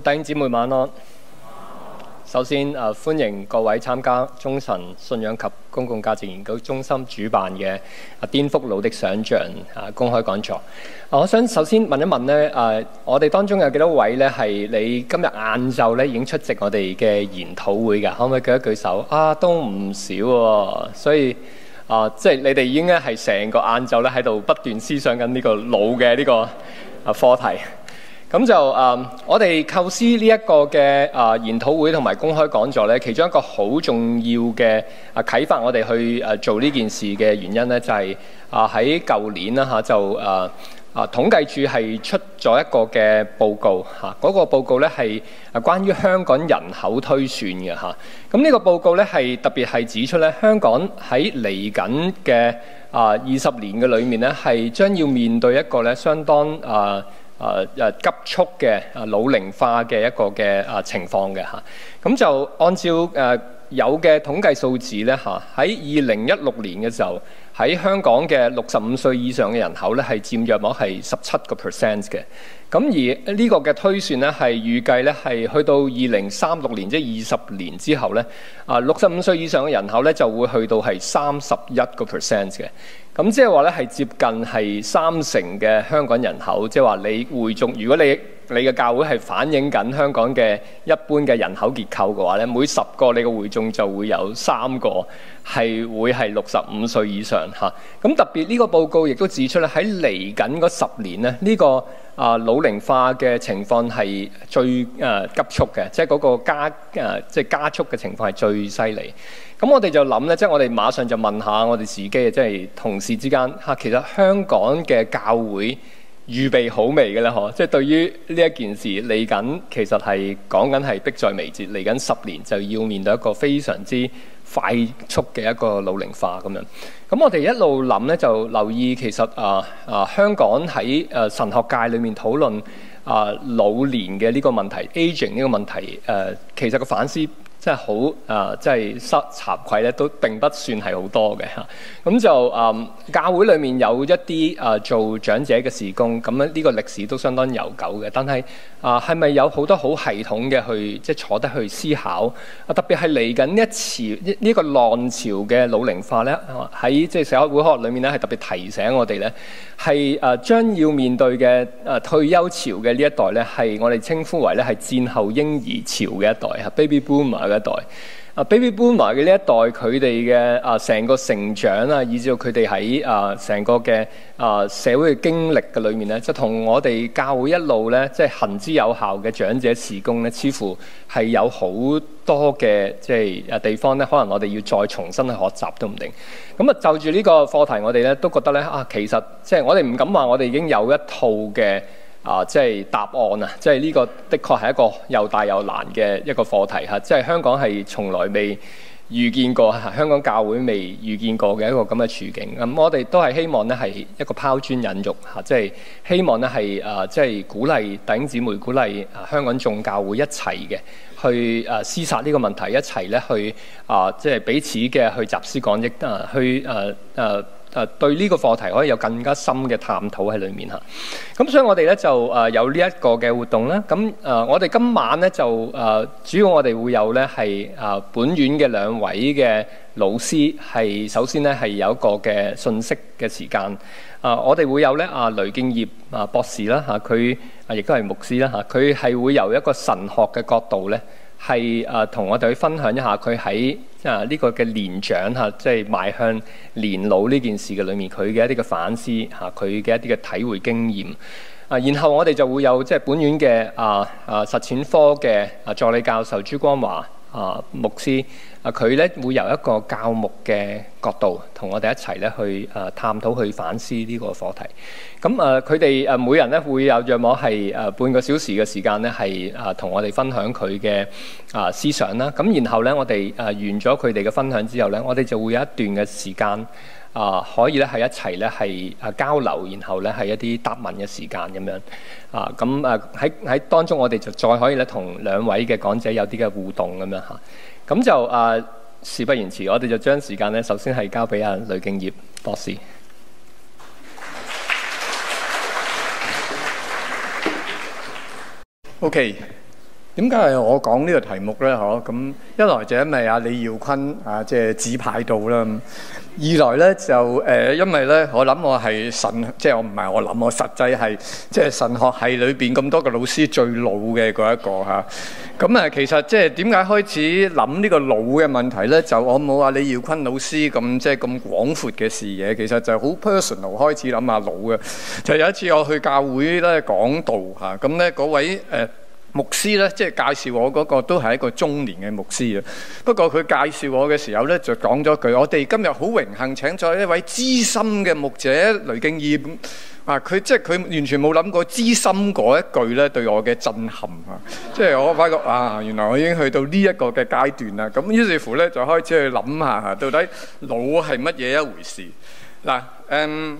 兄弟姊妹晚安。首先啊，歡迎各位參加中神信仰及公共價值研究中心主辦嘅《啊顛覆老的想像》啊公開講座。我想首先問一問咧，啊，我哋當中有幾多位咧係你今日晏晝咧已經出席我哋嘅研討會嘅？可唔可以舉一舉手？啊，都唔少，啊，所以啊，即係你哋已經咧係成個晏晝咧喺度不斷思想緊呢個「老」嘅呢個啊課題。咁就誒，我哋構思呢一個嘅誒研討會同埋公開講座咧，其中一個好重要嘅啊啟發我哋去誒做呢件事嘅原因咧、啊，就係啊喺舊年啦嚇就誒啊統計處係出咗一個嘅報告嚇，嗰、啊那個報告咧係啊關於香港人口推算嘅嚇。咁、啊、呢個報告咧係特別係指出咧，香港喺嚟緊嘅啊二十年嘅裏面咧，係將要面對一個咧相當啊～誒誒、啊啊、急速嘅誒、啊、老齡化嘅一個嘅誒、啊、情況嘅吓，咁、嗯、就按照誒、啊、有嘅統計數字咧吓，喺二零一六年嘅時候，喺香港嘅六十五歲以上嘅人口咧係佔約莫係十七個 percent 嘅。咁而呢個嘅推算呢，係預計呢，係去到二零三六年，即係二十年之後呢，啊六十五歲以上嘅人口呢，就會去到係三十一個 percent 嘅。咁、啊、即係話呢，係接近係三成嘅香港人口，即係話你會眾，如果你你嘅教會係反映緊香港嘅一般嘅人口結構嘅話呢，每十個你嘅會眾就會有三個係會係六十五歲以上嚇。咁、啊啊、特別呢、呢個報告亦都指出咧，喺嚟緊嗰十年呢，呢、呢個。啊，老齡化嘅情況係最誒、呃、急促嘅，即係嗰個加誒、呃，即係加速嘅情況係最犀利。咁、嗯、我哋就諗咧，即係我哋馬上就問下我哋自己，即係同事之間嚇、啊，其實香港嘅教會預備好未嘅咧？嗬、啊，即係對於呢一件事嚟緊，其實係講緊係迫在眉睫，嚟緊十年就要面對一個非常之。快速嘅一個老齡化咁樣，咁我哋一路諗咧，就留意其實啊啊、呃呃、香港喺、呃、神學界裡面討論啊、呃、老年嘅呢個問題，aging 呢個問題其實個反思。即係好啊！即係失慚愧咧，都並不算係好多嘅吓，咁 就誒、呃，教會裏面有一啲誒、呃、做長者嘅事工，咁咧呢個歷史都相當悠久嘅。但係啊，係、呃、咪有好多好系統嘅去即係坐得去思考啊？特別係嚟緊一次呢、呢個浪潮嘅老齡化咧，喺、啊、即係社會學裏面咧係特別提醒我哋咧，係誒將要面對嘅誒、呃、退休潮嘅呢一代咧，係我哋稱呼為咧係戰後嬰兒潮嘅一代嚇，Baby Boomer 嘅。一代啊，Baby Boomer 嘅呢一代，佢哋嘅啊成個成長啊，以至到佢哋喺啊成個嘅啊社會嘅經歷嘅裏面咧，就同我哋教會一路咧，即係行之有效嘅長者事工咧，似乎係有好多嘅即係啊地方咧，可能我哋要再重新去學習都唔定。咁啊，就住呢個課題，我哋咧都覺得咧啊，其實即係我哋唔敢話，我哋已經有一套嘅。啊，即係答案啊！即係呢個的確係一個又大又難嘅一個課題嚇、啊，即係香港係從來未遇見過嚇、啊，香港教會未遇見過嘅一個咁嘅處境。咁、啊、我哋都係希望呢係一個拋磚引玉嚇、啊，即係希望呢係啊，即係鼓勵弟兄姊妹、鼓勵啊香港眾教會一齊嘅去啊廝殺呢個問題，一齊呢去啊即係彼此嘅去集思廣益啊，去誒誒。啊啊啊誒、啊、對呢個課題可以有更加深嘅探討喺裏面嚇，咁、啊、所以我哋咧就誒有呢一個嘅活動啦。咁、呃、誒我哋今晚咧就誒、呃、主要我哋會有咧係誒本院嘅兩位嘅老師，係首先咧係有一個嘅信息嘅時間啊，我哋會有咧阿、啊、雷競業啊博士啦嚇，佢啊亦都係牧師啦嚇，佢、啊、係會由一個神學嘅角度咧。係誒，同、啊、我哋去分享一下佢喺啊呢、這個嘅年長嚇、啊，即係邁向年老呢件事嘅裏面，佢嘅一啲嘅反思嚇，佢、啊、嘅一啲嘅體會經驗啊。然後我哋就會有即係、就是、本院嘅啊啊實踐科嘅啊助理教授朱光華啊牧師。佢咧、啊、會由一個教牧嘅角度，同我哋一齊咧去啊、呃、探討、去反思呢個課題。咁、嗯、啊，佢哋啊每人咧會有約莫係啊半個小時嘅時間咧，係啊同我哋分享佢嘅啊思想啦。咁、啊、然後咧，我哋啊完咗佢哋嘅分享之後咧，我哋就會有一段嘅時間啊，可以咧係一齊咧係啊交流，然後咧係一啲答問嘅時間咁樣啊。咁、嗯、啊喺喺當中，我哋就再可以咧同兩位嘅講者有啲嘅互動咁樣吓。咁就啊、呃，事不宜遲，我哋就將時間咧，首先係交俾阿雷競業博士。OK，點解係我講呢個題目咧？嗬、啊，咁一來就因為阿李耀坤啊，即、就、係、是、指派到啦；二來咧就誒、呃，因為咧，我諗我係神，即、就、係、是、我唔係我諗，我實際係即係神學係裏邊咁多個老師最老嘅嗰一個嚇。啊咁其實即係點解開始諗呢個老嘅問題呢？就我冇阿李耀坤老師咁即係咁廣闊嘅視野，其實就好 personal 開始諗下老嘅。就有一次我去教會咧講道嚇，咁咧嗰位、呃牧師咧，即係介紹我嗰個都係一個中年嘅牧師啊。不過佢介紹我嘅時候咧，就講咗句：我哋今日好榮幸請咗一位資深嘅牧者雷競業咁啊。佢即係佢完全冇諗過資深嗰一句咧，對我嘅震撼啊！即係我發覺啊，原來我已經去到呢一個嘅階段啦。咁於是乎咧，就開始去諗下嚇，到底老係乜嘢一回事嗱？誒。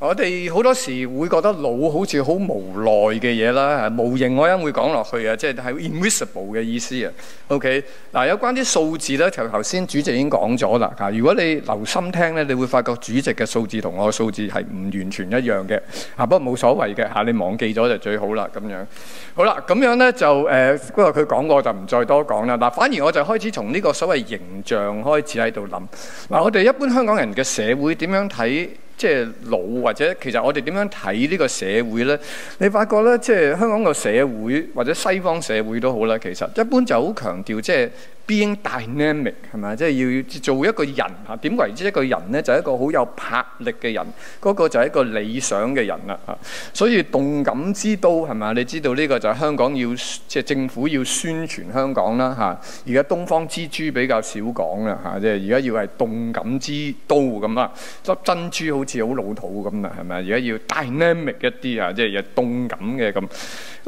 我哋好多時會覺得老好似好無奈嘅嘢啦，無形我一樣會講落去、OK? 啊，即係係 invisible 嘅意思啊。OK，嗱，有關啲數字咧，就頭先主席已經講咗啦。嚇、啊，如果你留心聽咧，你會發覺主席嘅數字同我嘅數字係唔完全一樣嘅。嚇、啊，不過冇所謂嘅嚇、啊，你忘記咗就最好啦。咁樣好啦，咁樣咧就誒，呃、過就不過佢講過就唔再多講啦。嗱、啊，反而我就開始從呢個所謂形象開始喺度諗。嗱、啊，我哋一般香港人嘅社會點樣睇？即係老或者其實我哋點樣睇呢個社會咧？你發覺咧，即係香港個社會或者西方社會都好啦。其實一般就好強調即係。being dynamic 係咪？即係要做一個人嚇，點為之一個人咧？就係一個好有魄力嘅人，嗰個就係一個理想嘅人啦嚇。所以動感之都係咪？你知道呢個就係香港要即係政府要宣傳香港啦嚇。而家東方之珠比較少講啦嚇，即係而家要係動感之都咁啦。執珍珠好似好老土咁啦，係咪？而家要 dynamic 一啲啊，即係有動感嘅咁。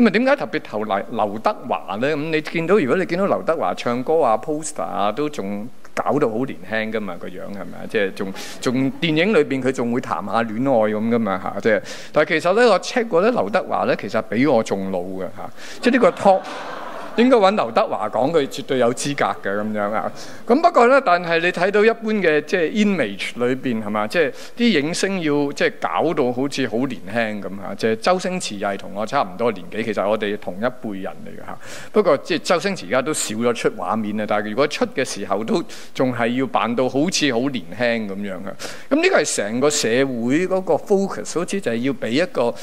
咁啊，點解特別頭嚟劉德華咧？咁、嗯、你見到，如果你見到劉德華唱歌啊、poster 啊，都仲搞到好年輕噶嘛，個樣係咪啊？即係仲仲電影裏邊佢仲會談下戀愛咁噶嘛吓，即係。但係其實咧，我 check 過咧，劉德華咧其實比我仲老嘅吓、啊，即係呢個 talk。 應該揾劉德華講佢絕對有資格嘅咁樣啊！咁不過咧，但係你睇到一般嘅即係 image 裏邊係嘛？即係啲影星要即係搞到好似好年輕咁嚇。即係周星馳又係同我差唔多年紀，其實我哋同一輩人嚟嘅嚇。不過即係周星馳而家都少咗出畫面啊。但係如果出嘅時候都仲係要扮到好似好年輕咁樣啊。咁呢個係成個社會嗰個 focus，好似就係要俾一個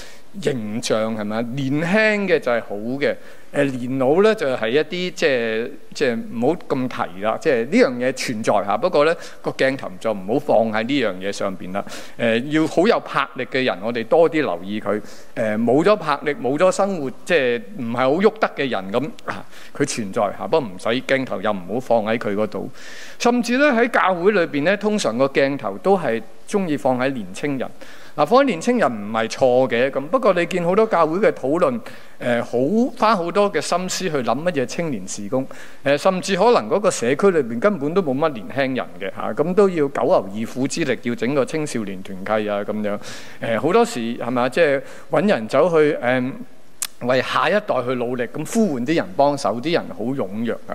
形象係咪？年輕嘅就係好嘅。誒年老咧就係、是、一啲即係即係唔好咁提啦，即係呢樣嘢存在吓，不過咧個鏡頭就唔好放喺呢樣嘢上邊啦。誒、呃、要好有魄力嘅人，我哋多啲留意佢。誒冇咗魄力、冇咗生活，即係唔係好喐得嘅人咁啊，佢存在吓，不過唔使鏡頭又唔好放喺佢嗰度。甚至咧喺教會裏邊咧，通常個鏡頭都係中意放喺年青人。嗱，況年、啊、青人唔係錯嘅。咁不過你見好多教會嘅討論，誒、呃、好花好多嘅心思去諗乜嘢青年事工，誒、呃、甚至可能嗰個社區裏邊根本都冇乜年輕人嘅嚇。咁、啊啊、都要九牛二虎之力要整個青少年團契啊咁樣，誒、呃、好多時係咪啊？即係揾人走去誒。嗯為下一代去努力，咁呼喚啲人幫手，啲人好踴躍㗎。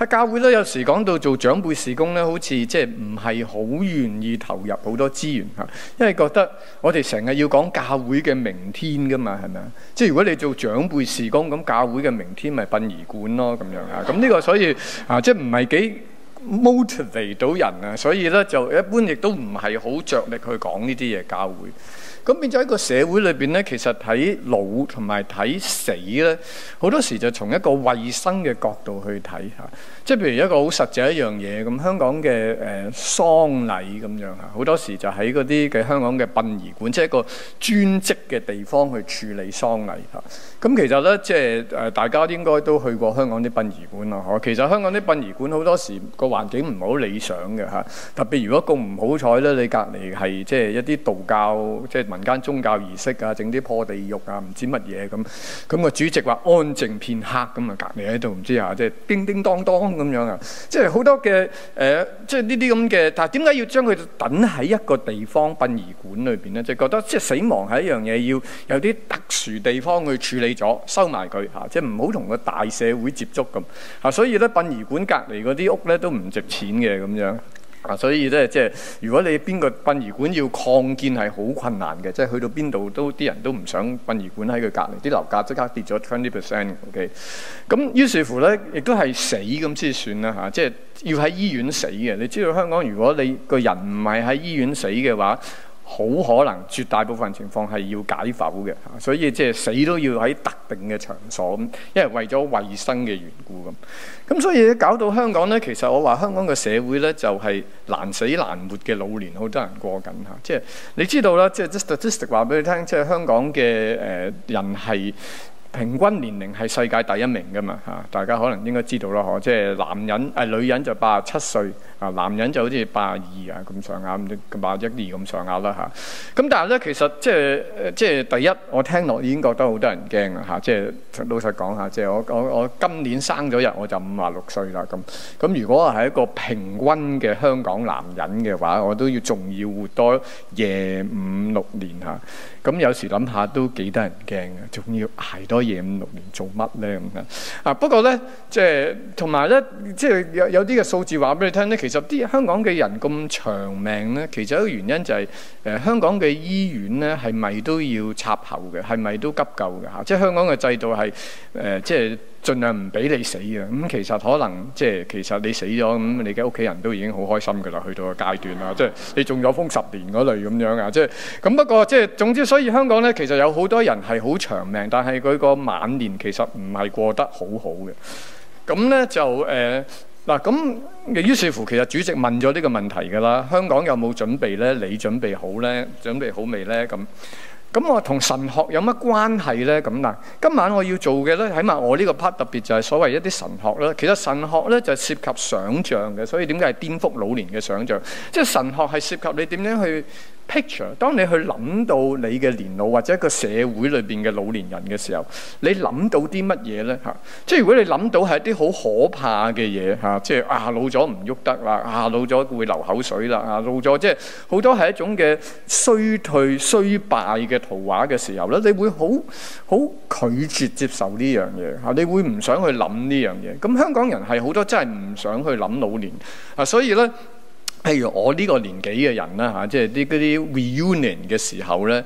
喺教會咧，有時講到做長輩事工咧，好似即係唔係好願意投入好多資源嚇，因為覺得我哋成日要講教會嘅明天㗎嘛，係咪啊？即係如果你做長輩事工，咁教會嘅明天咪殯儀館咯咁樣啊。咁呢個所以啊，即係唔係幾 motivate 到人啊？所以咧就一般亦都唔係好着力去講呢啲嘢教會。咁變咗喺個社會裏邊咧，其實睇老同埋睇死咧，好多時就從一個衞生嘅角度去睇吓、啊，即係譬如一個好實際一樣嘢咁，香港嘅誒、呃、喪禮咁樣嚇，好、啊、多時就喺嗰啲嘅香港嘅殯儀館，即係一個專職嘅地方去處理喪禮嚇。咁、啊嗯、其實咧，即係誒、呃、大家應該都去過香港啲殯儀館啦嗬、啊。其實香港啲殯儀館好多時個環境唔係好理想嘅嚇、啊。特別如果個唔好彩咧，你隔籬係即係一啲道教即係間宗教儀式啊，整啲破地獄啊，唔知乜嘢咁。咁個主席話安靜片刻，咁啊隔籬喺度唔知啊，即係叮叮噹噹咁樣啊。即係好多嘅誒，即係呢啲咁嘅。但係點解要將佢等喺一個地方殯儀館裏邊咧？即係覺得即係死亡係一樣嘢，要有啲特殊地方去處理咗，收埋佢吓，即係唔好同個大社會接觸咁。吓，所以咧殯儀館隔籬嗰啲屋咧都唔值錢嘅咁樣。啊，所以咧，即係如果你邊個殯儀館要擴建係好困難嘅，即係去到邊度都啲人都唔想殯儀館喺佢隔離，啲樓價即刻跌咗 twenty percent。OK，咁於是乎咧，亦都係死咁先算啦嚇，啊，即係要喺醫院死嘅。你知道香港如果你個人唔係喺醫院死嘅話，好可能絕大部分情況係要解剖嘅嚇，啊，所以即係死都要喺特定嘅場所咁，因為為咗衞生嘅緣故咁。啊。咁所以搞到香港呢，其實我話香港嘅社會呢，就係、是、難死難活嘅老年，好多人過緊嚇。即係你知道啦，即係啲 statistics 話俾你聽，即係香港嘅誒、呃、人係，平均年齡係世界第一名嘅嘛嚇，大家可能應該知道啦嗬，即係男人誒、哎、女人就八十七歲啊，男人就好似八二啊咁上下，咁八一二咁上下啦嚇。咁但係咧，其實即係即係第一，我聽落已經覺得好多人驚啊嚇，即係老實講下，即係我我我今年生咗日我就五十六歲啦咁。咁如果係一個平均嘅香港男人嘅話，我都要仲要活多廿五六年嚇。咁、嗯、有時諗下都幾得人驚嘅，仲要挨多嘢五六年做乜咧咁啊？不過咧，即係同埋咧，即係有有啲嘅數字話俾你聽咧。其實啲香港嘅人咁長命咧，其實一個原因就係、是、誒、呃、香港嘅醫院咧係咪都要插喉嘅？係咪都急救嘅嚇、啊？即係香港嘅制度係誒、呃，即係盡量唔俾你死嘅。咁、嗯、其實可能即係其實你死咗，咁、嗯、你嘅屋企人都已經好開心㗎啦，去到個階段啦。即係你中咗風十年嗰類咁樣啊！即係咁不過即係總之。總之總之。所以香港咧，其實有好多人係好長命，但係佢個晚年其實唔係過得好好嘅。咁咧就誒嗱，咁、呃、於是乎其實主席問咗呢個問題㗎啦。香港有冇準備咧？你準備好咧？準備好未咧？咁咁我同神學有乜關係咧？咁嗱，今晚我要做嘅咧，起碼我呢個 part 特別就係所謂一啲神學啦。其實神學咧就係、涉及想像嘅，所以點解係顛覆老年嘅想像？即係神學係涉及你點樣去 picture，當你去諗到你嘅年老或者一個社會裏邊嘅老年人嘅時候，你諗到啲乜嘢呢？嚇，即係如果你諗到係一啲好可怕嘅嘢嚇，即係啊老咗唔喐得啦，啊老咗、啊、會流口水啦，啊老咗即係好多係一種嘅衰退衰敗嘅圖畫嘅時候咧，你會好好拒絕接受呢樣嘢嚇，你會唔想去諗呢樣嘢？咁香港人係好多真係唔想去諗老年啊，所以呢。譬如我呢個年紀嘅人啦吓，即係啲嗰啲 reunion 嘅時候咧。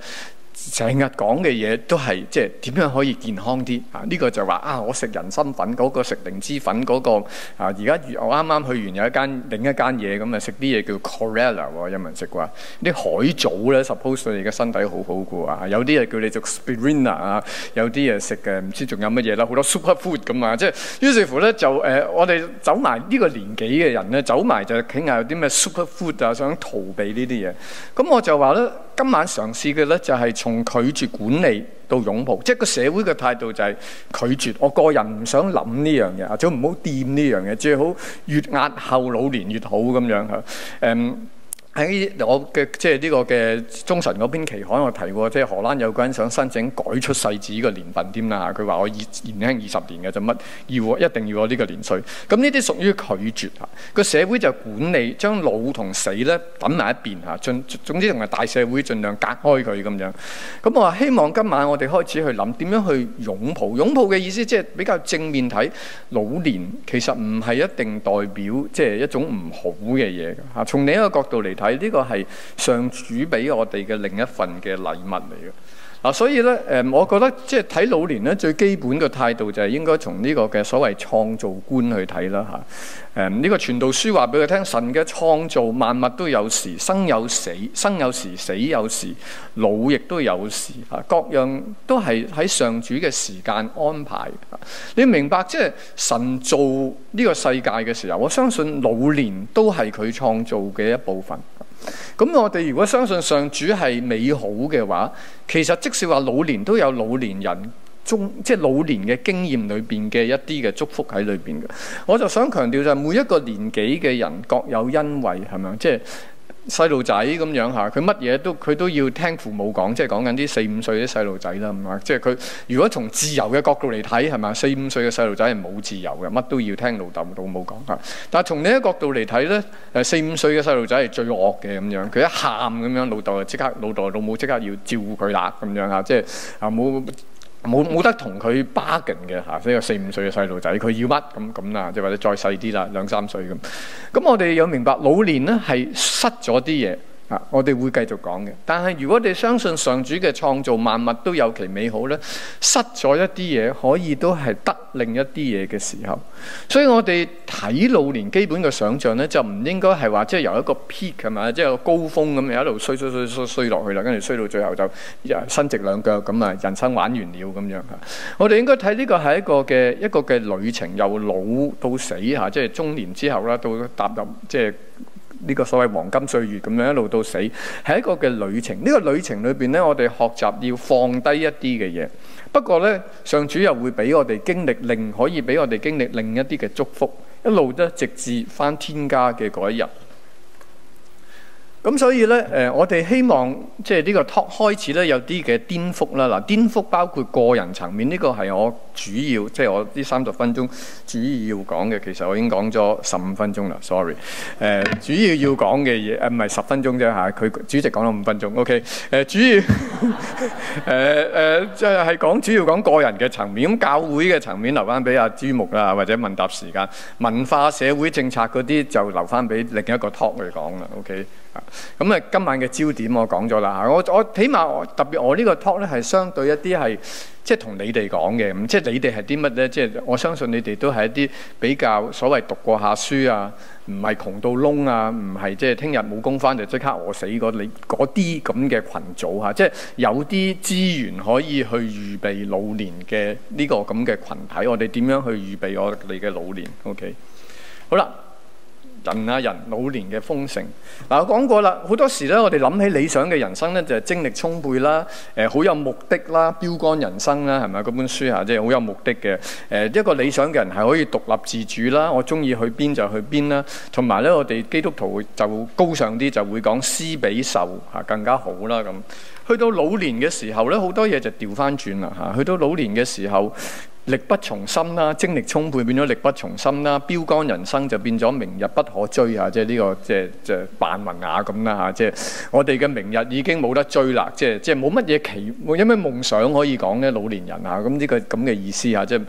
成日講嘅嘢都係即係點樣可以健康啲啊？呢個就話啊，我食人參粉嗰個食靈芝粉嗰個啊，而家我啱啱去完有一間另一間嘢咁啊，食啲嘢叫 Corella 啊，有冇人食過？啲海藻咧，supposed 你嘅身體好好嘅啊，有啲嘢叫你做 spirina 啊，有啲嘢食嘅，唔知仲有乜嘢啦？好多 super food 咁啊，即係於是乎咧就誒，我哋走埋呢個年紀嘅人咧，走埋就傾下有啲咩 super food 啊，想逃避呢啲嘢。咁我就話咧。今晚嘗試嘅咧就係從拒絕管理到擁抱，即係個社會嘅態度就係拒絕。我個人唔想諗呢樣嘢，或者唔好掂呢樣嘢，最好越押後老年越好咁樣吓。誒、嗯。喺我嘅即係、這、呢個嘅中神嗰篇期刊，我提過，即係荷蘭有個人想申請改出世紙嘅年份添啦。佢、啊、話我年年輕二十年嘅，就乜要一定要我呢個年歲？咁呢啲屬於拒絕嚇。個、啊、社會就管理將老同死咧揼埋一邊嚇，將總之同埋大社會盡量隔開佢咁樣。咁我話希望今晚我哋開始去諗點樣去擁抱擁抱嘅意思，即係比較正面睇老年，其實唔係一定代表即係一種唔好嘅嘢嚇。從另一個角度嚟睇。係，呢個係上主俾我哋嘅另一份嘅禮物嚟嘅啊，所以咧誒、呃，我覺得即係睇老年咧，最基本嘅態度就係應該從呢個嘅所謂創造觀去睇啦嚇。啊誒呢個傳道書話俾佢聽，神嘅創造萬物都有時，生有死，生有時，死有時，老亦都有時啊！各樣都係喺上主嘅時間安排。你明白即係神造呢個世界嘅時候，我相信老年都係佢創造嘅一部分。咁我哋如果相信上主係美好嘅話，其實即使話老年都有老年人。中即係老年嘅經驗裏邊嘅一啲嘅祝福喺裏邊嘅，我就想強調就係每一個年紀嘅人各有恩惠，係咪？即係細路仔咁樣嚇，佢乜嘢都佢都要聽父母講，即係講緊啲四五歲啲細路仔啦。咁啊，即係佢如果從自由嘅角度嚟睇，係咪？四五歲嘅細路仔係冇自由嘅，乜都要聽老豆老母講嚇。但係從呢一角度嚟睇咧，誒四五歲嘅細路仔係最惡嘅咁樣，佢一喊咁樣，老豆就即刻老豆老母即刻要照顧佢啦咁樣啊，即係啊冇。冇冇得同佢 bargain 嘅吓，即呢個四五歲嘅細路仔，佢要乜咁咁啦，即係或者再細啲啦，兩三歲咁。咁我哋有明白，老年咧係失咗啲嘢。啊！我哋會繼續講嘅，但係如果你相信上主嘅創造萬物都有其美好咧，失咗一啲嘢可以都係得另一啲嘢嘅時候，所以我哋睇老年基本嘅想像咧，就唔應該係話即係由一個 peak 係嘛，即係個高峰咁，一路衰衰衰衰落去啦，跟住衰到最後就伸直兩腳咁啊，人生玩完了咁樣啊！我哋應該睇呢個係一個嘅一個嘅旅程，由老到死嚇，即係中年之後啦，到踏入即係。呢個所謂黃金歲月咁樣一路到死，係一個嘅旅程。呢個旅程裏邊咧，我哋學習要放低一啲嘅嘢。不過咧，上主又會俾我哋經歷另可以俾我哋經歷另一啲嘅祝福，一路都直至翻天家嘅嗰一日。咁所以呢，誒、呃，我哋希望即係呢個 talk 開始呢，有啲嘅顛覆啦。嗱，顛覆包括個人層面，呢、這個係我主要即係我呢三十分鐘主要講嘅。其實我已經講咗十五分鐘啦，sorry。誒、呃，主要要講嘅嘢誒唔係十分鐘啫嚇，佢、啊、主席講咗五分鐘，OK、呃。誒主要誒誒即係係講主要講個人嘅層面咁，教會嘅層面留翻俾阿朱牧啦，或者問答時間文化社會政策嗰啲就留翻俾另一個 talk 嚟講啦，OK。咁啊、嗯，今晚嘅焦點我講咗啦，我我起碼我特別我呢個 talk 咧，係相對一啲係即係同你哋講嘅，咁即係你哋係啲乜咧？即、就、係、是、我相信你哋都係一啲比較所謂讀過下書啊，唔係窮到窿啊，唔係即係聽日冇工返就即刻餓死個你嗰啲咁嘅群組吓、啊，即、就、係、是、有啲資源可以去預備老年嘅呢個咁嘅群體，我哋點樣去預備我哋嘅老年？O、okay? K，好啦。人啊人，人老年嘅豐盛嗱，我講過啦，好多時咧，我哋諗起理想嘅人生咧，就係精力充沛啦，誒、呃，好有目的啦，標杆人生啦，係咪嗰本書啊？即係好有目的嘅。誒、呃，一個理想嘅人係可以獨立自主啦，我中意去邊就去邊啦。同埋咧，我哋基督徒就高尚啲，就會講施比受嚇更加好啦。咁去到老年嘅時候咧，好多嘢就調翻轉啦嚇。去到老年嘅時候。力不從心啦，精力充沛變咗力不從心啦，標竿人生就變咗明日不可追啊！即係、這、呢個即係即係扮文雅咁啦嚇，即係我哋嘅明日已經冇得追啦，即係即係冇乜嘢奇冇乜夢想可以講呢？老年人啊，咁、這、呢個咁嘅意思啊，即係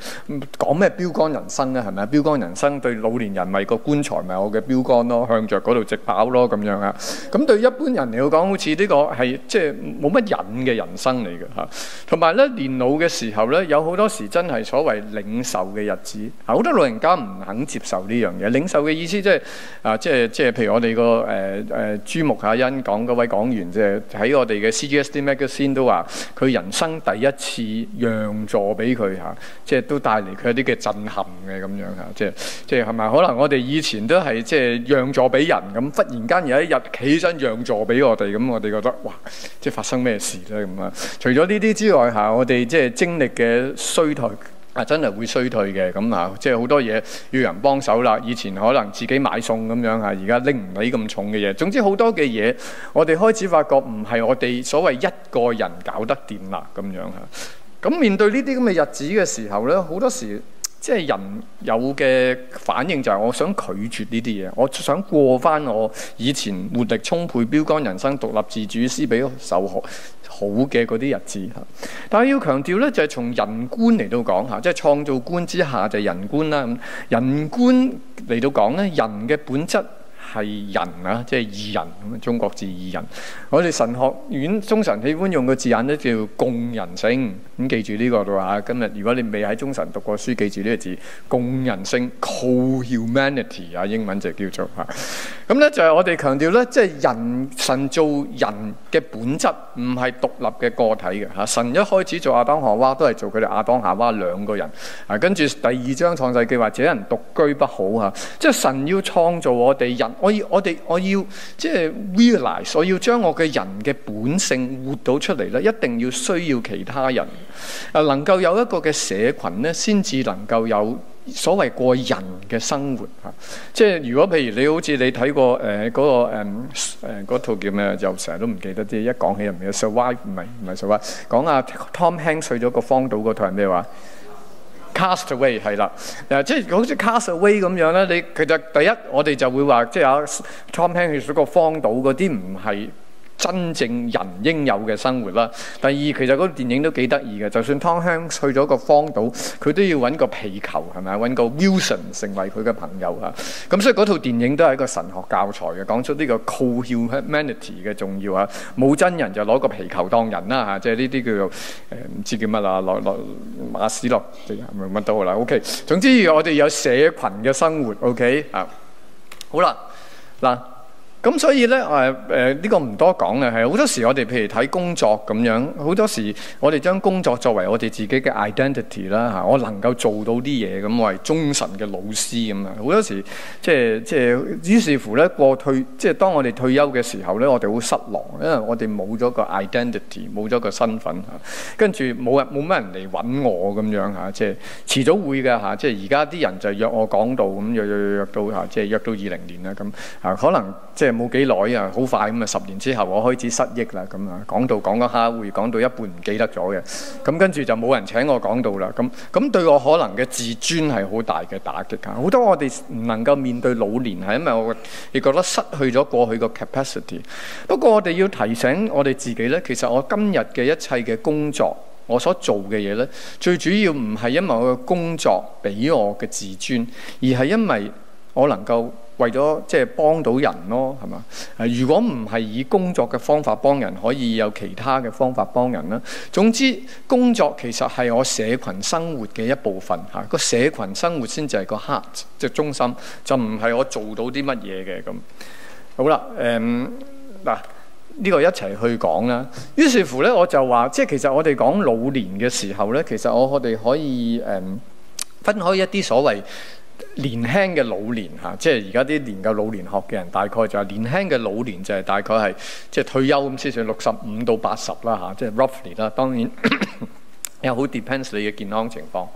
講咩標竿人生咧？係咪啊？標竿人生對老年人咪、就、個、是、棺材咪我嘅標竿咯，向着嗰度直跑咯咁樣啊！咁對一般人嚟講，好似呢個係即係冇乜癮嘅人生嚟嘅嚇。同埋咧，年老嘅時候咧，有好多時真係～所謂領受嘅日子，好多老人家唔肯接受呢樣嘢。領受嘅意思即係啊，即係即係，譬如我哋個誒誒朱木亞欣講嗰位講員，即係喺我哋嘅 CGSD Magazine 都話，佢人生第一次讓座俾佢嚇，即係都帶嚟佢一啲嘅震撼嘅咁樣嚇，即係即係係咪？可能我哋以前都係即係讓座俾人咁，忽然間有一日企起身讓座俾我哋，咁我哋覺得哇，即係發生咩事咧咁啊？除咗呢啲之外嚇，我哋即係經歷嘅衰退。啊！真係會衰退嘅咁啊，即係好多嘢要人幫手啦。以前可能自己買餸咁樣嚇，啊，而家拎唔起咁重嘅嘢。總之好多嘅嘢，我哋開始發覺唔係我哋所謂一個人搞得掂啦咁樣嚇，啊。咁，啊，面對呢啲咁嘅日子嘅時候呢，好多時，即係人有嘅反應就係我想拒絕呢啲嘢，我想過翻我以前活力充沛、標竿人生、獨立自主、思緒好好嘅嗰啲日子嚇。但係要強調咧，就係、是、從人觀嚟到講嚇，即係創造觀之下就係人觀啦。人觀嚟到講咧，人嘅本質。係人啊，即係二人咁，中國字二人。我哋神學院中神喜歡用嘅字眼咧，叫共人性。咁記住呢個啦啊，今日如果你未喺中神讀過書，記住呢個字共人性 （co humanity） 啊，human ity，英文就叫做啊。咁、嗯、咧、嗯、就係、是、我哋強調咧，即係人神做人嘅本質唔係獨立嘅個體嘅吓、嗯。神一開始做亞當夏娃都係做佢哋亞當夏娃兩個人啊。跟、嗯、住第二章創世記話，那人獨居不好啊、嗯。即係神要創造我哋人。我要我哋我要即係 r e a l i z e 我要將我嘅人嘅本性活到出嚟咧，一定要需要其他人啊，能夠有一個嘅社群咧，先至能夠有所謂個人嘅生活嚇、啊。即係如果譬如你好似你睇過誒嗰、呃那個誒、呃、套叫咩？就成日都唔記得啲，一起 ive, ive, 講起又唔記得。Survive 唔係唔係 survive，講阿 Tom h a n r y 咗個荒島嗰套係咩話？Cast Away 係啦、嗯，即係好似 Cast Away 咁樣咧，你其實第一我哋就會話，即係有 Tom Hanks 嗰個荒島嗰啲唔係。真正人應有嘅生活啦。第二，其實嗰套電影都幾得意嘅。就算湯香去咗個荒島，佢都要揾個皮球係咪啊？揾個 Wilson 成為佢嘅朋友啊。咁所以嗰套電影都係一個神學教材嘅，講出呢個 co-humanity 嘅重要啊。冇真人就攞個皮球當人啦吓，即係呢啲叫做唔知叫乜啦，攞攞馬斯洛即係乜都好啦。OK，總之我哋有社群嘅生活。OK 啊，好啦，嗱。咁所以咧，誒誒呢個唔多講嘅，係好多時我哋譬如睇工作咁樣，好多時我哋將工作作為我哋自己嘅 identity 啦嚇，我能夠做到啲嘢咁，我係中神嘅老師咁啊！好多時即係即係，於是乎咧過退，即係當我哋退休嘅時候咧，我哋好失落，因為我哋冇咗個 identity，冇咗個身份嚇，跟住冇人冇咩人嚟揾我咁樣嚇，即係遲早會嘅嚇，即係而家啲人就約我講道咁，約約約到嚇，即係約到二零年啦咁嚇，可能即係。冇幾耐啊，好快咁啊！十年之後，我開始失憶啦。咁啊，講到講嗰下會講到一半唔記得咗嘅。咁跟住就冇人請我講到啦。咁咁對我可能嘅自尊係好大嘅打擊啊。好多我哋唔能夠面對老年係因為我亦覺得失去咗過去個 capacity。不過我哋要提醒我哋自己呢，其實我今日嘅一切嘅工作，我所做嘅嘢呢，最主要唔係因為我嘅工作俾我嘅自尊，而係因為我能夠。為咗即係幫到人咯，係嘛？啊，如果唔係以工作嘅方法幫人，可以有其他嘅方法幫人啦。總之，工作其實係我社群生活嘅一部分嚇，個、啊、社群生活先就係個 heart 即中心，就唔係我做到啲乜嘢嘅咁。好啦，誒嗱呢個一齊去講啦。於是乎呢，我就話即係其實我哋講老年嘅時候呢，其實我我哋可以誒、嗯、分開一啲所謂。年輕嘅老年嚇、啊，即係而家啲研究老年學嘅人，大概就係、是、年輕嘅老年就係大概係即係退休咁，先算六十五到八十啦嚇，即係 roughly 啦、啊。當然有好 depends 你嘅健康情況。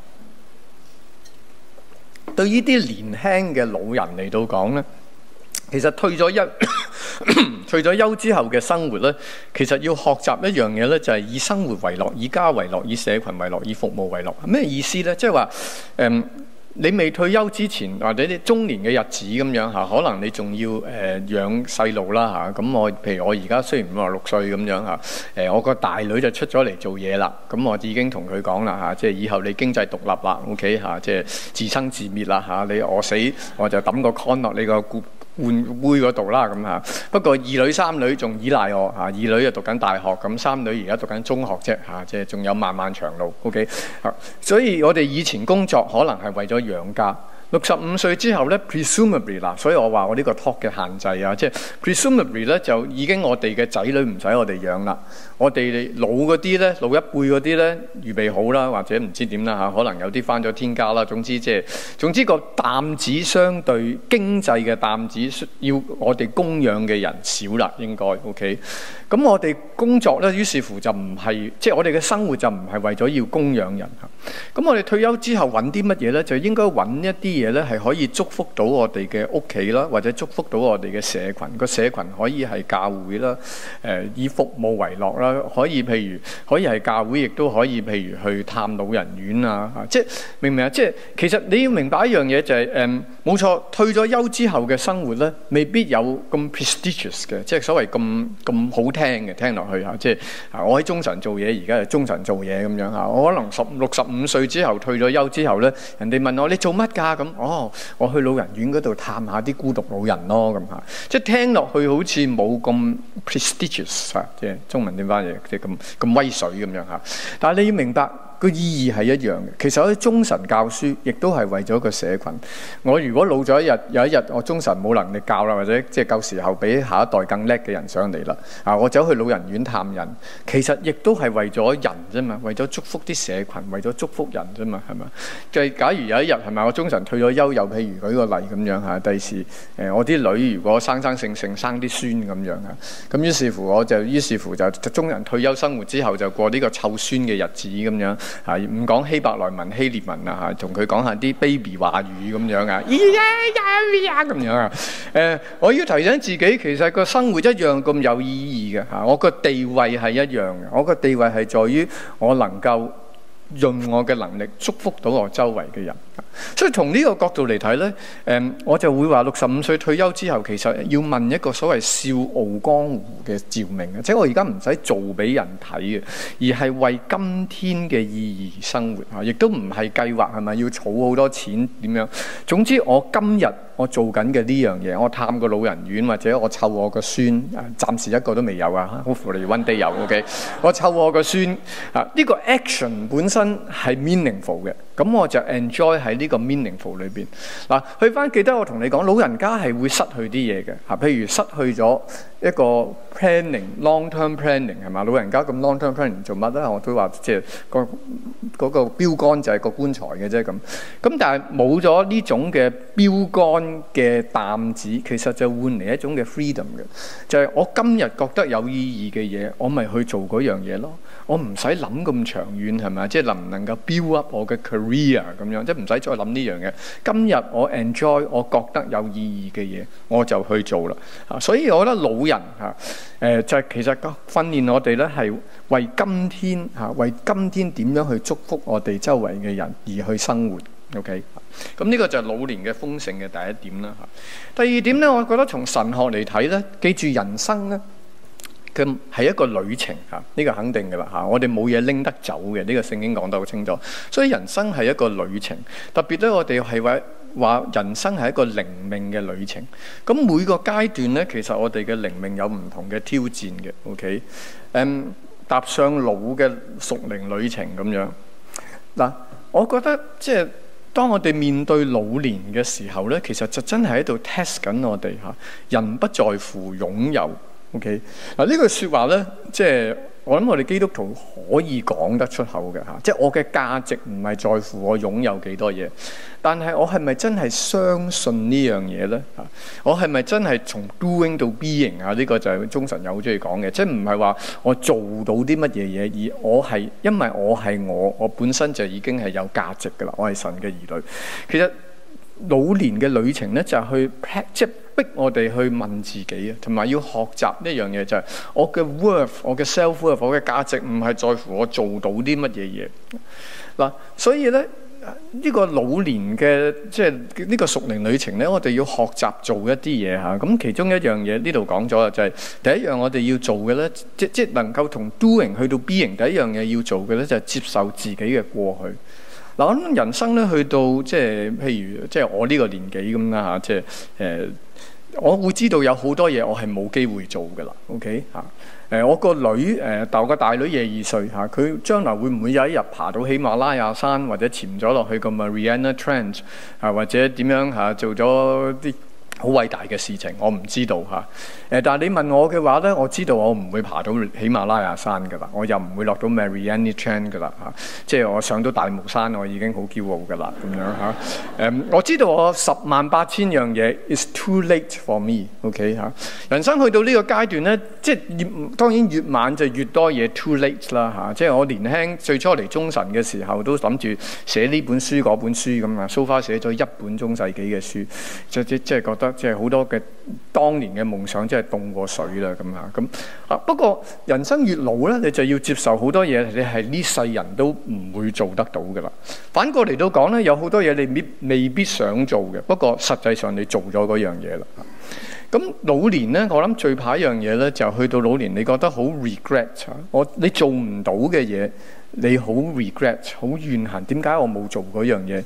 對呢啲年輕嘅老人嚟到講咧，其實退咗一咳咳退咗休之後嘅生活咧，其實要學習一樣嘢咧，就係、是、以生活為樂，以家為樂，以社群為樂，以服務為樂。咩意思咧？即係話誒。嗯你未退休之前，或者啲中年嘅日子咁樣嚇，可能你仲要誒、呃、養細路啦嚇。咁、啊嗯、我譬如我而家雖然五十六歲咁樣嚇，誒、啊呃、我個大女就出咗嚟做嘢啦。咁、啊嗯、我已經同佢講啦嚇，即係以後你經濟獨立啦，OK 嚇、啊，即係自生自滅啦嚇、啊。你餓死我就抌個 con 落你個換杯嗰度啦，咁啊，不過二女三女仲依賴我啊，二女又讀緊大學，咁、啊、三女而家讀緊中學啫，嚇、啊，即係仲有漫漫長路，OK，所以我哋以前工作可能係為咗養家。六十五歲之後咧，presumably 啦，pres um、ably, 所以我話我呢個 talk 嘅限制啊，即係 presumably 咧，就已經我哋嘅仔女唔使我哋養啦，我哋老嗰啲咧，老一輩嗰啲咧，預備好啦，或者唔知點啦嚇，可能有啲翻咗天家啦，總之即係，總之個擔子相對經濟嘅擔子要我哋供養嘅人少啦，應該 OK。咁我哋工作咧，於是乎就唔係，即係我哋嘅生活就唔係為咗要供養人嚇。咁我哋退休之後揾啲乜嘢咧，就應該揾一啲嘢咧係可以祝福到我哋嘅屋企啦，或者祝福到我哋嘅社群。個社群可以係教會啦，誒、呃、以服務為樂啦。可以譬如可以係教會亦都可以譬如去探老人院啊。即係明唔明啊？即係其實你要明白一樣嘢就係誒，冇錯退咗休之後嘅生活咧，未必有咁 prestigious 嘅，即係所謂咁咁好聽嘅聽落去吓、啊，即係啊，我喺中神做嘢，而家係中神做嘢咁樣吓，我可能十六十五歲之後退咗休之後咧，人哋問我你做乜㗎咁？哦，我去老人院嗰度探下啲孤獨老人咯，咁吓，即係聽落去好似冇咁 prestigious，即係中文點翻嘢，即係咁咁威水咁樣吓。但係你要明白。個意義係一樣嘅，其實我喺中神教書，亦都係為咗個社群。我如果老咗一日，有一日我中神冇能力教啦，或者即係夠時候比下一代更叻嘅人上嚟啦，啊，我走去老人院探人，其實亦都係為咗人啫嘛，為咗祝福啲社群，為咗祝福人啫嘛，係咪？即係假如有一日係咪？我中神退咗休，又譬如舉個例咁樣嚇，第時誒、呃、我啲女如果生生性性生啲孫咁樣嚇，咁於是乎我就於是乎就中人退休生活之後就過呢個湊孫嘅日子咁樣。係唔講希伯來文、希臘文啦，吓同佢講下啲 baby 話語咁樣啊，咿呀呀呀咁樣啊。誒，我要提醒自己，其實個生活一樣咁有意義嘅吓，我個地位係一樣嘅，我個地位係在於我能夠用我嘅能力祝福到我周圍嘅人。所以從呢個角度嚟睇咧，誒、嗯，我就會話六十五歲退休之後，其實要問一個所謂笑傲江湖嘅召命嘅，即係我而家唔使做俾人睇嘅，而係為今天嘅意義生活吓，亦、啊、都唔係計劃係咪要儲好多錢點樣？總之，我今日我做緊嘅呢樣嘢，我探個老人院或者我湊我個孫、啊，暫時一個都未有啊，hopefully one day 有 OK，我湊我個孫吓，呢、啊這個 action 本身係 meaningful 嘅。咁我就 enjoy 喺呢個 meaningful 裏邊，嗱，去翻記得我同你講老人家係會失去啲嘢嘅吓，譬如失去咗一個 planning, long-term planning long-term planning 係嘛？老人家咁 long-term planning 做乜咧？我都話即係、個、嗰個標杆就係個棺材嘅啫咁。咁但係冇咗呢種嘅標杆嘅擔子，其實就換嚟一種嘅 freedom 嘅，就係、是、我今日覺得有意義嘅嘢，我咪去做樣嘢咯。我唔使諗咁長遠係咪，即係能唔能夠 build up 我嘅 career？咁樣，即係唔使再諗呢樣嘢。今日我 enjoy，我覺得有意義嘅嘢，我就去做啦。啊，所以我覺得老人啊，誒、呃，就係、其實訓練我哋咧，係為今天吓、啊，為今天點樣去祝福我哋周圍嘅人而去生活。OK，咁呢個就係老年嘅豐盛嘅第一點啦。吓，第二點咧，我覺得從神學嚟睇咧，記住人生咧。佢係一個旅程，嚇，呢、這個肯定嘅啦嚇。我哋冇嘢拎得走嘅，呢、這個聖經講得好清楚。所以人生係一個旅程，特別咧，我哋係話話人生係一個靈命嘅旅程。咁、啊、每個階段咧，其實我哋嘅靈命有唔同嘅挑戰嘅。OK，踏、嗯、上老嘅熟齡旅程咁樣。嗱、啊，我覺得即係當我哋面對老年嘅時候咧，其實就真係喺度 test 緊我哋嚇、啊。人不在乎擁有。OK 嗱，呢句説話咧，即係我諗我哋基督徒可以講得出口嘅嚇，即係我嘅價值唔係在乎我擁有幾多嘢，但係我係咪真係相信呢樣嘢咧？我係咪真係從 doing 到 being 啊？呢個就係中神有好中意講嘅，即係唔係話我做到啲乜嘢嘢，而我係因為我係我，我本身就已經係有價值㗎啦。我係神嘅兒女。其實老年嘅旅程咧就係、是、去 practice 逼我哋去問自己啊，同埋要學習一樣嘢就係我嘅 worth，我嘅 self worth，我嘅價值唔係在乎我做到啲乜嘢嘢。嗱、啊，所以咧呢、這個老年嘅即係呢個熟齡旅程咧，我哋要學習做一啲嘢吓。咁、啊嗯、其中一樣嘢呢度講咗啦，就係、是、第一樣我哋要做嘅咧，即即能夠同 doing 去到 being 第一樣嘢要做嘅咧，就係、是、接受自己嘅過去。嗱、啊，咁、嗯、人生咧去到即係譬如即係我呢個年紀咁啦吓，即係誒。呃我會知道有好多嘢我係冇機會做㗎啦，OK 吓？誒，我個女誒，但我個大女廿二歲吓，佢將來會唔會有一日爬到喜馬拉雅山或者潛咗落去個 Mariana Trench 啊，或者點樣吓做咗啲好偉大嘅事情，我唔知道嚇。誒、啊，但係你問我嘅話咧，我知道我唔會爬到喜馬拉雅山㗎啦，我又唔會落到 Mariana Trench 噶啦嚇、啊。即係我上到大帽山，我已經好驕傲㗎啦咁樣嚇。誒、啊嗯，我知道我十萬八千樣嘢，is too late for me。OK 嚇、啊，人生去到呢個階段咧，即係越當然越晚就越多嘢 too late 啦嚇、啊。即係我年輕最初嚟中神嘅時候，都諗住寫呢本書嗰本書咁啊。So far，寫咗一本中世紀嘅書，就即即係覺得。即係好多嘅當年嘅夢想，真係凍過水啦咁啊！咁啊不過人生越老咧，你就要接受好多嘢，你係呢世人都唔會做得到㗎啦。反過嚟到講咧，有好多嘢你未，未必想做嘅，不過實際上你做咗嗰樣嘢啦。咁老年咧，我諗最怕一樣嘢咧，就去到老年，你覺得好 regret，我你做唔到嘅嘢，你好 regret，好怨恨，點解我冇做嗰樣嘢？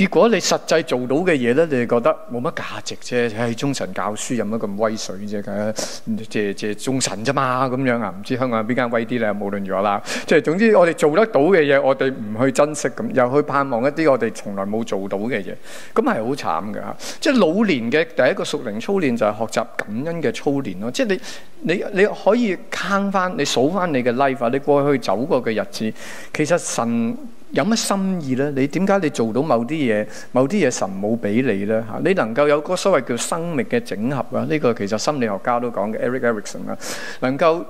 結果你實際做到嘅嘢咧，你哋覺得冇乜價值啫。唉、哎，中神教書有乜咁威水啫？嘅、啊，即係即係中神啫嘛，咁樣啊？唔知香港邊間威啲咧？無論如何啦，即係總之，我哋做得到嘅嘢，我哋唔去珍惜咁，又去盼望一啲我哋從來冇做到嘅嘢，咁係好慘㗎吓。即係老年嘅第一個屬靈操練就係學習感恩嘅操練咯。即係你你你，你可以慳翻，你數翻你嘅 life，你過去走過嘅日子，其實神，有乜心意呢？你點解你做到某啲嘢？某啲嘢神冇俾你呢？嚇！你能夠有個所謂叫生命嘅整合啊？呢、這個其實心理學家都講嘅，Eric Erickson 啦，能夠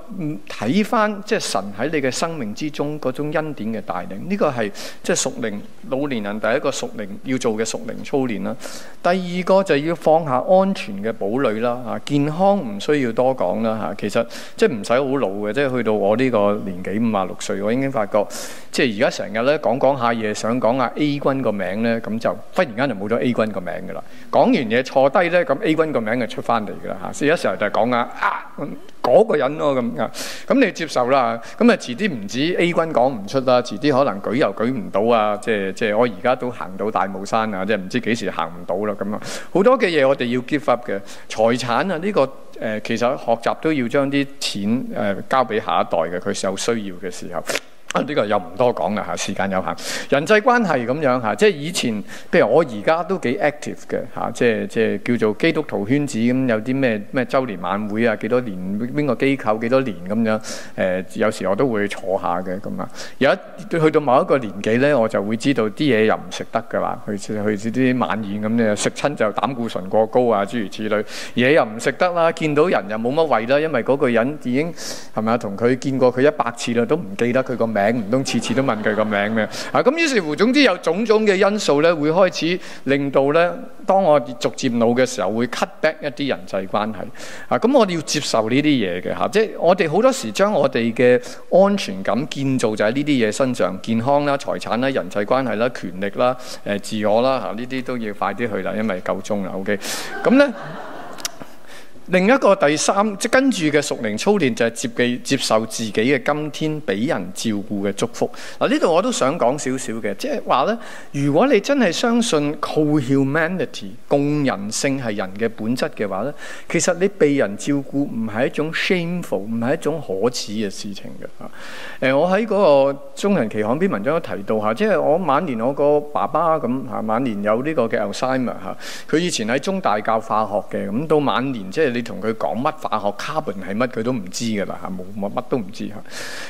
睇翻即係神喺你嘅生命之中嗰種恩典嘅帶領。呢、這個係即係屬靈老年人第一個屬靈要做嘅屬靈操練啦。第二個就要放下安全嘅堡壘啦。嚇、啊！健康唔需要多講啦。嚇、啊！其實即係唔使好老嘅，即係去到我呢個年紀五啊六歲，我已經發覺即係而家成日咧講講下嘢，想講下 A 君個名咧，咁就忽然間就冇咗 A 君個名噶啦。講完嘢坐低咧，咁 A 君個名就出翻嚟噶啦吓。有時就係講啊，嗰、那個人咯咁啊，咁你接受啦。咁啊，遲啲唔止 A 君講唔出啦，遲啲可能舉又舉唔到啊。即係即係我而家都行到大帽山啊，即係唔知幾時行唔到啦咁啊。好多嘅嘢我哋要 give up 嘅，財產啊呢、這個誒、呃，其實學習都要將啲錢誒、呃、交俾下一代嘅，佢有需要嘅時候。呢、啊呢個又唔多講啦嚇，時間有限。人際關係咁樣嚇、啊，即係以前譬如我而家都幾 active 嘅嚇、啊，即係即係叫做基督徒圈子咁、嗯，有啲咩咩週年晚會啊，幾多年邊個機構幾多年咁樣。誒、呃、有時我都會坐下嘅咁啊。有一去到某一個年紀咧，我就會知道啲嘢又唔食得噶啦。去去似啲晚宴咁咧，食、嗯、親就膽固醇過高啊，諸如此類。嘢又唔食得啦，見到人又冇乜胃啦，因為嗰個人已經係咪啊？同佢見過佢一百次啦，都唔記得佢個名。名唔通，次次都問佢個名咩？啊咁於是乎，總之有種種嘅因素咧，會開始令到咧，當我逐漸老嘅時候，會 cut back 一啲人際關係。啊咁，我哋要接受呢啲嘢嘅嚇，即係我哋好多時將我哋嘅安全感建造就喺呢啲嘢身上，健康啦、財產啦、人際關係啦、權力啦、誒、呃、自我啦嚇，呢、啊、啲都要快啲去啦，因為夠鐘啦。OK，咁咧。 另一個第三即跟住嘅熟齡操練就係接記接受自己嘅今天俾人照顧嘅祝福嗱，呢度我都想講少少嘅，即係話咧，如果你真係相信 c 共、oh、humanity 共人性係人嘅本質嘅話咧，其實你被人照顧唔係一種 shameful 唔係一種可恥嘅事情嘅嚇。誒、啊，我喺嗰個中人期刊篇文章都提到嚇、啊，即係我晚年我個爸爸咁嚇、啊、晚年有呢個嘅 Alzheimer 佢，啊、以前喺中大教化學嘅咁、啊、到晚年即係你。同佢 講乜化學 carbon 係乜佢都唔知㗎啦嚇，冇乜乜都唔知嚇。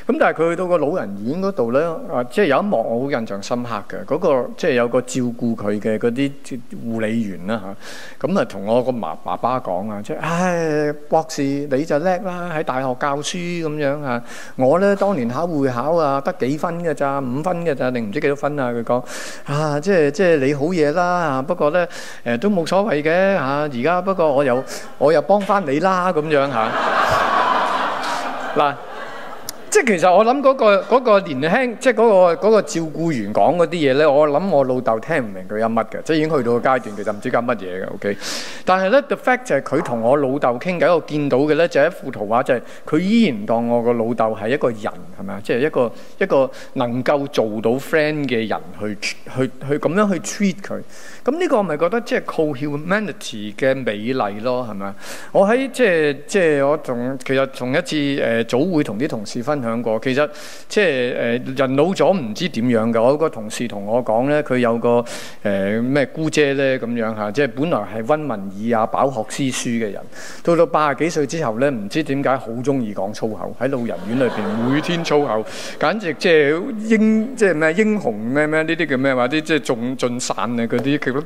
咁但係佢去到個老人院嗰度咧，啊，即係有一幕我好印象深刻嘅，嗰、嗰個即係有個照顧佢嘅嗰啲護理員啦嚇，咁啊同我個麻爸爸講啊，即、啊、係、嗯啊哎、博士你就叻啦，喺大學教書咁樣啊。我咧當年考會考啊，得幾分㗎咋？五分㗎咋？定唔知幾多分啊？佢講啊，即係即係你好嘢啦嚇。不過咧誒、啊、都冇所謂嘅嚇。而、啊、家不過我又我，我又幫翻你啦，咁樣吓嗱。 即係其實我諗嗰、那個嗰、那個年輕，即係、那、嗰個嗰、那個照顧員講嗰啲嘢咧，我諗我老豆聽唔明佢有乜嘅，即係已經去到個階段，其實唔知搞乜嘢嘅。OK，但係咧，the fact 就係佢同我老豆傾偈，我見到嘅咧就係一幅圖畫，就係、是、佢、就是、依然當我個老豆係一個人，係咪啊？即係一個一個能夠做到 friend 嘅人去去去咁樣去 treat 佢。咁、嗯、呢、這個咪覺得即係 co humanity 嘅美麗咯，係咪啊？我喺即係即係我仲其實從一次誒早會同啲同事分。響過，其實即係誒，人老咗唔知點樣噶。我個同事同我講咧，佢有個誒咩、呃、姑姐咧咁樣吓，即係本來係溫文爾雅，飽學詩書嘅人，到到八廿幾歲之後咧，唔知點解好中意講粗口。喺老人院裏邊，每天粗口，簡直即係英即係咩英雄咩咩呢啲叫咩話啲即係仲盡散啊嗰啲劇本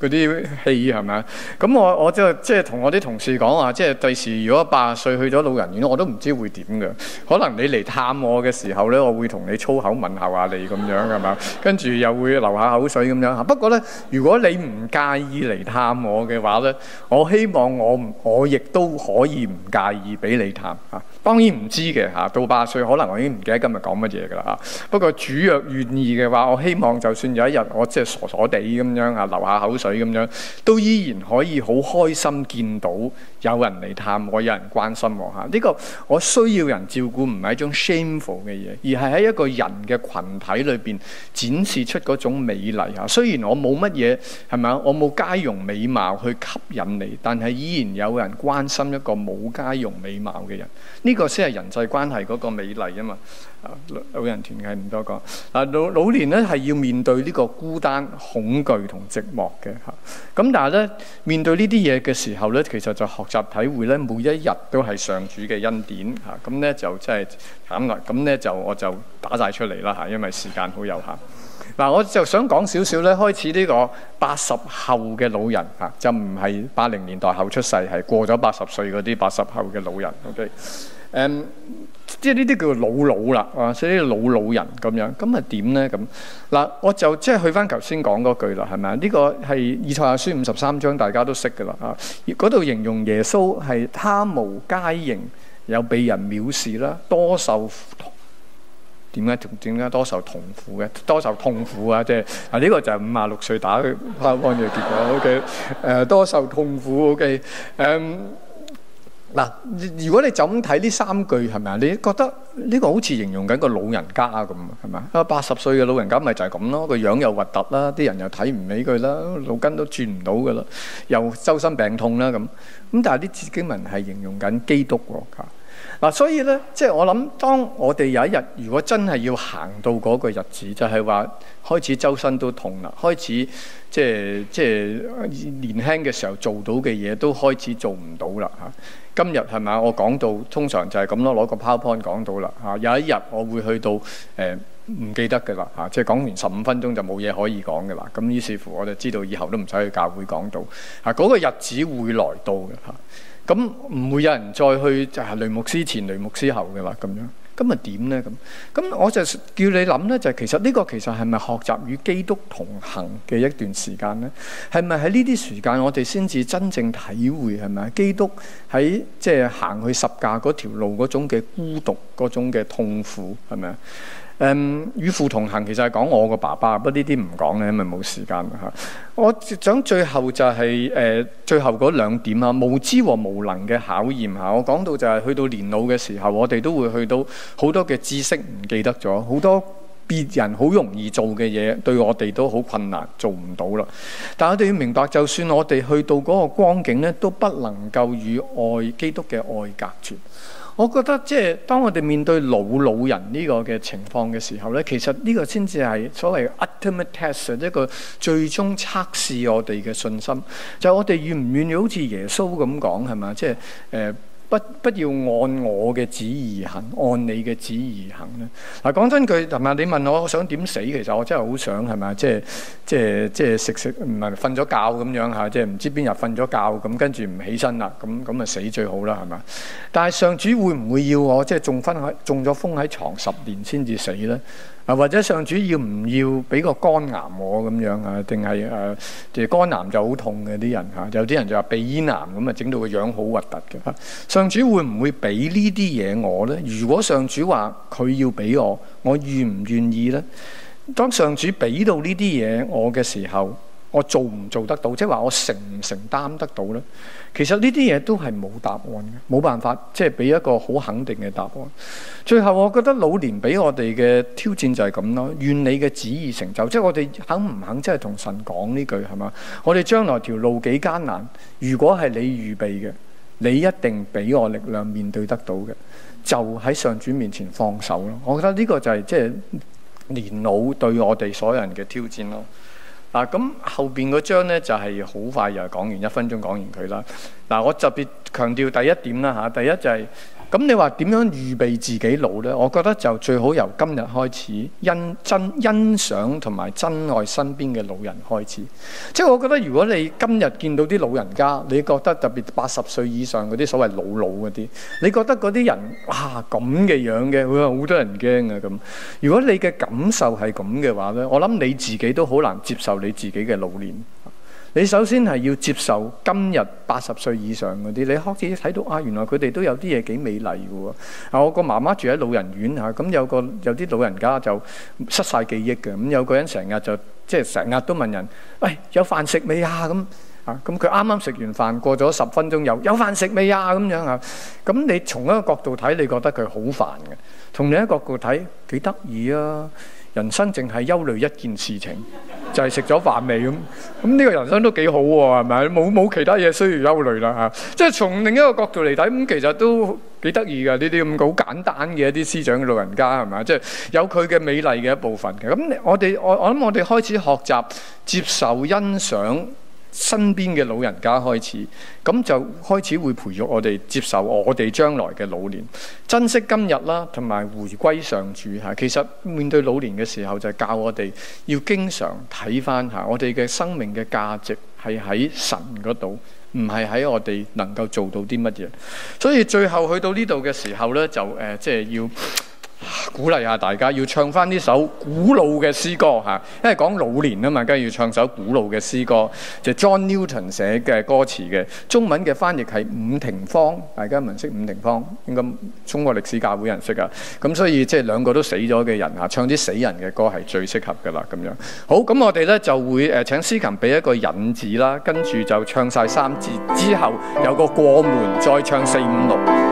嗰啲戲係咪？咁我我即係即係同我啲同事講話，即係第時如果八十歲去咗老人院，我都唔知會點噶，可能你。嚟探我嘅時候咧，我會同你粗口問下話你咁樣係嘛，跟住又會流下口水咁樣。不過咧，如果你唔介意嚟探我嘅話咧，我希望我我亦都可以唔介意俾你探吓。啊。當然唔知嘅嚇，到八十歲可能我已經唔記得今日講乜嘢㗎啦嚇。不過主若願意嘅話，我希望就算有一日我即係傻傻地咁樣嚇，流下口水咁樣，都依然可以好開心見到有人嚟探我，有人關心我嚇。呢、呢個我需要人照顧，唔係一種 shameful 嘅嘢，而係喺一個人嘅群體裏邊展示出嗰種美麗嚇。雖然我冇乜嘢係咪，我冇佳容美貌去吸引你，但係依然有人關心一個冇佳容美貌嘅人。呢個先係人際關係嗰個美麗啊嘛！老人團嘅唔多講。嗱，老老年咧係要面對呢個孤單、恐懼同寂寞嘅嚇。咁但係咧，面對呢啲嘢嘅時候咧，其實就學習體會咧，每一日都係上主嘅恩典嚇。咁、啊、咧就真係感恩啦。咁咧就我就打晒出嚟啦嚇，因為時間好有限。嗱、啊，我就想講少少咧，開始呢個八十後嘅老人嚇、啊，就唔係八零年代後出世，係過咗八十歲嗰啲八十後嘅老人。OK。誒，即係呢啲叫老老啦，啊，所以老老人咁樣，咁啊點咧咁？嗱，我就即係去翻頭先講嗰句啦，係咪啊？呢、這個係《以賽亞書》五十三章，大家都識噶啦，啊，嗰度形容耶穌係他無佳形，又被人藐視啦，多受苦。點解點解多受痛苦嘅，多受痛苦啊！即、就、係、是、啊，呢、這個就係五啊六歲打打嘅結果。帕帕 O.K.，誒、呃，多受痛苦。O.K.，誒。嗯嗱，如果你就咁睇呢三句係咪啊？你覺得呢個好似形容緊個老人家咁，係咪啊？八十歲嘅老人家咪就係咁咯，個樣又核突啦，啲人又睇唔起佢啦，腦筋都轉唔到㗎啦，又周身病痛啦咁。咁但係啲字經文係形容緊基督喎嚇。嗱、啊，所以咧，即係我諗，當我哋有一日如果真係要行到嗰個日子，就係話開始周身都痛啦，開始即係即係年輕嘅時候做到嘅嘢都開始做唔到啦嚇。啊今日係咪啊？我講到通常就係咁咯，攞個 PowerPoint 講到啦嚇、啊。有一日我會去到誒唔、呃、記得㗎啦嚇，即係講完十五分鐘就冇嘢可以講㗎啦。咁於是乎我就知道以後都唔使去教會講到嚇，嗰、啊那個日子會來到嘅嚇。咁、啊、唔會有人再去就係、啊、雷牧師前雷牧師後嘅啦咁樣。咁咪點咧？咁咁我就叫你諗咧，就係其實呢個其實係咪學習與基督同行嘅一段時間咧？係咪喺呢啲時間我哋先至真正體會係咪啊？基督喺即係行去十架嗰條路嗰種嘅孤獨、嗰種嘅痛苦係咪啊？誒與、嗯、父同行其實係講我個爸爸，不過呢啲唔講咧，因為冇時間啦。我想最後就係、是、誒、呃、最後嗰兩點啦，無知和無能嘅考驗嚇。我講到就係、是、去到年老嘅時候，我哋都會去到好多嘅知識唔記得咗，好多別人好容易做嘅嘢，對我哋都好困難，做唔到啦。但我哋要明白，就算我哋去到嗰個光景咧，都不能夠與愛基督嘅愛隔絕。我覺得即係當我哋面對老老人呢個嘅情況嘅時候咧，其實呢個先至係所謂 ultimate test，一個最終測試我哋嘅信心。就係我哋願唔願意好似耶穌咁講係嘛？即係誒。呃不不要按我嘅旨意而行，按你嘅旨意而行咧。嗱、啊，講真句係咪？是是你問我，我想點死？其實我真係好想係咪？即係即係即係食食唔係瞓咗覺咁樣嚇，即係唔知邊日瞓咗覺咁，跟住唔起身啦，咁咁咪死最好啦，係咪？但係上主會唔會要我即係中昏喺中咗風喺床十年先至死咧？啊，或者上主要唔要俾個肝癌我咁樣啊？定係誒，即、啊、係肝癌就好痛嘅啲人嚇，有啲人就話鼻咽癌咁啊，整到個樣好核突嘅。上主會唔會俾呢啲嘢我咧？如果上主話佢要俾我，我願唔願意咧？當上主俾到呢啲嘢我嘅時候。我做唔做得到？即係話我承唔承擔得到呢？其實呢啲嘢都係冇答案嘅，冇辦法即係俾一個好肯定嘅答案。最後我覺得老年俾我哋嘅挑戰就係咁咯，願你嘅旨意成就。即係我哋肯唔肯，即係同神講呢句係嘛？我哋將來條路幾艱難？如果係你預備嘅，你一定俾我力量面對得到嘅，就喺上主面前放手咯。我覺得呢個就係，即係年老對我哋所有人嘅挑戰咯。啊，咁後邊嗰張咧就係、是、好快又講完，一分鐘講完佢啦。嗱、啊，我特別強調第一點啦嚇、啊，第一就係、是。咁你話點樣預備自己老呢？我覺得就最好由今日開始，真欣真欣賞同埋珍愛身邊嘅老人開始。即係我覺得，如果你今日見到啲老人家，你覺得特別八十歲以上嗰啲所謂老老嗰啲，你覺得嗰啲人哇咁嘅樣嘅，會好多人驚啊咁。如果你嘅感受係咁嘅話呢，我諗你自己都好難接受你自己嘅老年。你首先係要接受今日八十歲以上嗰啲，你開始睇到啊，原來佢哋都有啲嘢幾美麗嘅喎。啊，我個媽媽住喺老人院啊，咁有個有啲老人家就失晒記憶嘅，咁有個人成日就即係成日都問人：「喂，有飯食未啊？咁啊，咁佢啱啱食完飯，過咗十分鐘又有飯食未啊？咁樣啊，咁你從一個角度睇，你覺得佢好煩嘅，從另一個角度睇，幾得意啊！人生淨係憂慮一件事情。 就係食咗飯未咁，咁呢個人生都幾好喎，啊，係咪？冇冇其他嘢需要憂慮啦嚇！即係從另一個角度嚟睇，咁其實都幾得意㗎。呢啲咁好簡單嘅一啲師長嘅老人家係咪啊？即係有佢嘅美麗嘅一部分嘅。咁我哋我我諗我哋開始學習接受欣賞身邊嘅老人家開始，咁就開始會培育我哋接受我哋將來嘅老年，珍惜今日啦、啊，同埋回歸上主吓、啊。其實面對老年嘅時候，就教我哋要經常睇返吓我哋嘅生命嘅價值係喺神嗰度，唔係喺我哋能夠做到啲乜嘢。所以最後去到呢度嘅時候呢，就誒即係要。鼓勵下大家要唱翻呢首古老嘅詩歌吓，因為講老年啊嘛，咁要唱首古老嘅詩歌，就 John Newton 寫嘅歌詞嘅，中文嘅翻譯係「伍庭芳」。大家明識「伍庭芳」，應該中國歷史教會人識噶，咁所以即係兩個都死咗嘅人啊，唱啲死人嘅歌係最適合噶啦，咁樣好，咁我哋呢就會誒請司琴俾一個引子啦，跟住就唱晒三字之後有個過門，再唱四五六。